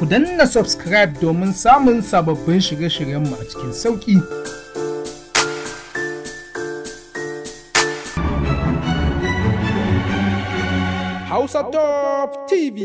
ku danna subscribe domin samun sababbin shirye-shiryenmu a cikin sauƙi. Hausa Top TV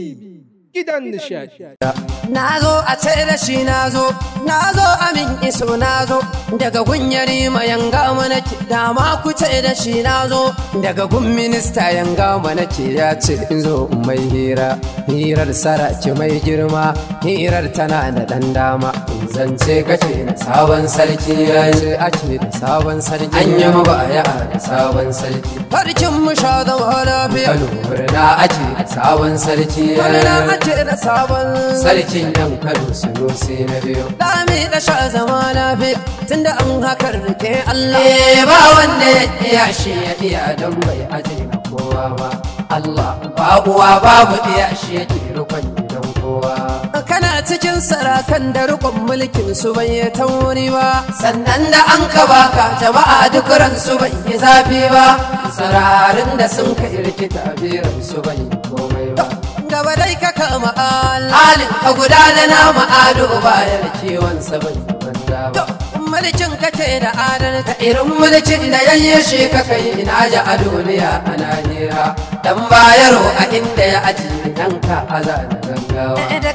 gidan nishadi. Na zo a tsere shi na zo, na zo a iso na zo daga gunyar yanga mana nake dama ku ce da shi na zo daga gun minista yanga mana nake ya ce in zo mai hira hirar sara mai girma hirar tana da ɗan dama zance kace na sabon sarki ya ce ake da sabon sarki an yi ba a da sabon sarki farkin mu sha zama lafiya alwar na ake da sabon sarki ya na ake da sabon sarkin nan kano su sai na biyu lami da sha zama lafiya tunda an hakar rike allah eh, ba wanda ya iya shi ya iya don bai aje na kowa ba Allah babuwa babu iya shi ya ke rukun gidan kowa kana cikin sarakan da rukun mulkin su bai yi tauri ba sannan da an ka baka jama'a duk ran su bai yi zafi ba sararin da sun ka irkita biran su bai komai ba gaba dai ka kama alin ka gudana na ma'adu bayan kiwon sa bai banza ba mulkin ke da adalta irin mulkin da shi ka kai ina ji a duniya a Najeriya dan bayaro a inda ya ajiye danka a zana gangawa eh,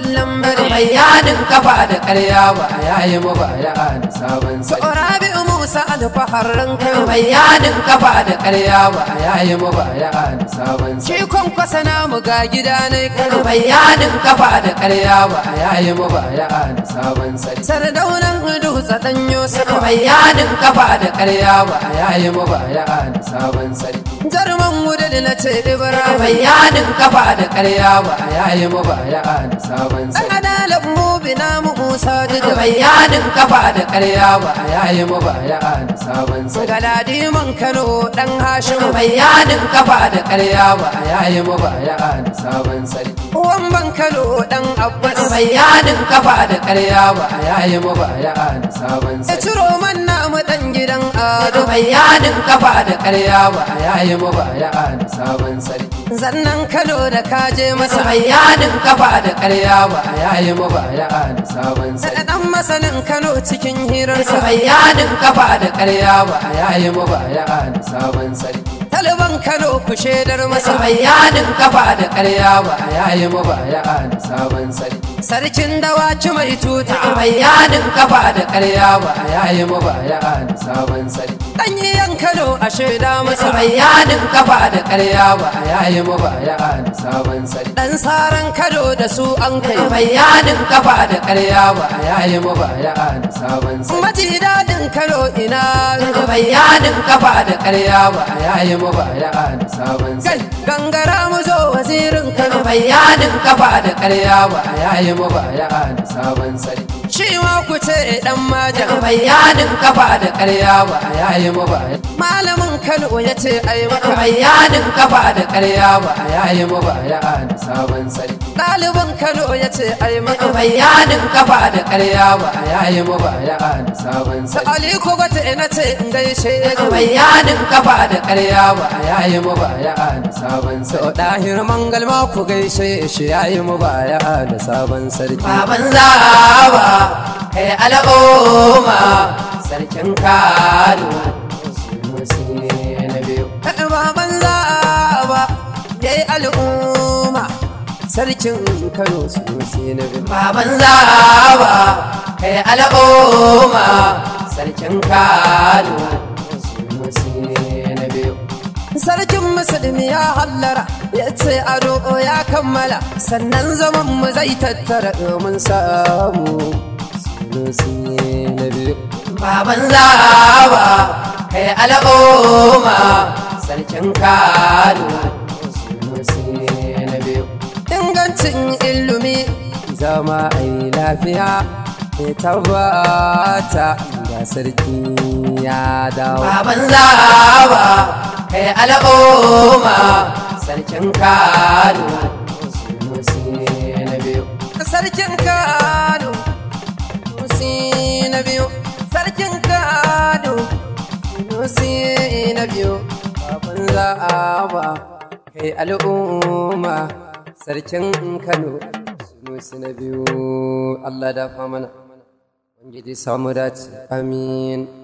bayanin kafa da karya ba a yayi mu ba ya da sabon sai rabi musa alfaharin kai bayanin kafa da karya ba a yayi mu ba ya da sabon sai shi kon kwasa na mu ga gida ne kai bayanin kafa da karya ba a yayi mu ba ya da sabon sai sardaunan hudu tsadan yosa bayanin kafa da karya ba a yayi mu ba ya da sabon sai jarman wuda da na ce dibara bayanin kafa da karya ba a yayi mu ba ya da sabon gabansa adalan mu bina mu musa da bayanin kafa da karya ba a yayi mu ba a ya da sabon sa galadi man kano dan hashimu bayanin kafa da karya ba a yayi mu ba a ya da sabon sarki uwan man kano dan abbas bayanin kafa da karya ba a yayi mu ba a ya da sabon sarki ciro man na mu dan gidan ado bayanin kafa da karya ba a yayi mu ba a ya da sabon sarki sannan kano da kaje masa bayanin kafa da karya ba a yayi mu ba ya da sabon sai dan masanin kano cikin hirar sa bayanin kafa da karya ba a yayi mu ba ya da sabon sarki Talban kano ku shedar masa bayanin kafa da karya ba a yayi mu ba ya da sabon sarki sarkin dawaci mai tuta bayanin kafa da karya ba a yayi mu ba ya da sabon sarki kano a shaida masa bayanin kafa da karya ba a yayi mu ba ya da sabon sarki dan saran kado da su an kai bayanin kafa da karya ba a yayi mu ba ya da sabon sarki maji dadin kano ina ga bayanin kafa da karya ba a yayi mu ba ya da sabon sarki gangara mu zo wazirin kano bayanin kafa da karya ba a yayi mu ba ya da sabon sarki ma ku ce dan maja daga bayanin kafa da ƙarya ba a yi mu ba malamin Kano ya ce ai daga bayanin kafa da ƙarya ba a yi mu ba ya da sabon sarki dalibin Kano ya ce ai daga bayanin kafa da ƙarya ba a yi mu ba ya da sabon sarki Ali ko ba ta ina ce in gaishe daga bayanin kafa da ƙarya ba a yi mu ba ya da sabon sarki dahir mangal ma ku gaishe shi yi mu ba ya da sabon sarki baban za ba kai al'umma sarkin kano baban zaba kai al'umma sarkin kano sunusi na biyu baban zaba kai al'umma sarkin kano sarkin musulmi ya hallara ya ce ado ya kammala sannan zaman mu zai tattara domin samu Baban banza kai al'umma sarkin kano ingancin ilimi zama a yi lafiya ta tabbata ga sarki ya dawo Baban banza kai al'umma sarkin kano sarkin kano sai na biyu babban za'aba kai al'umma sarkin kano sunusi na biyu allah dafa mana wanda samu dace amin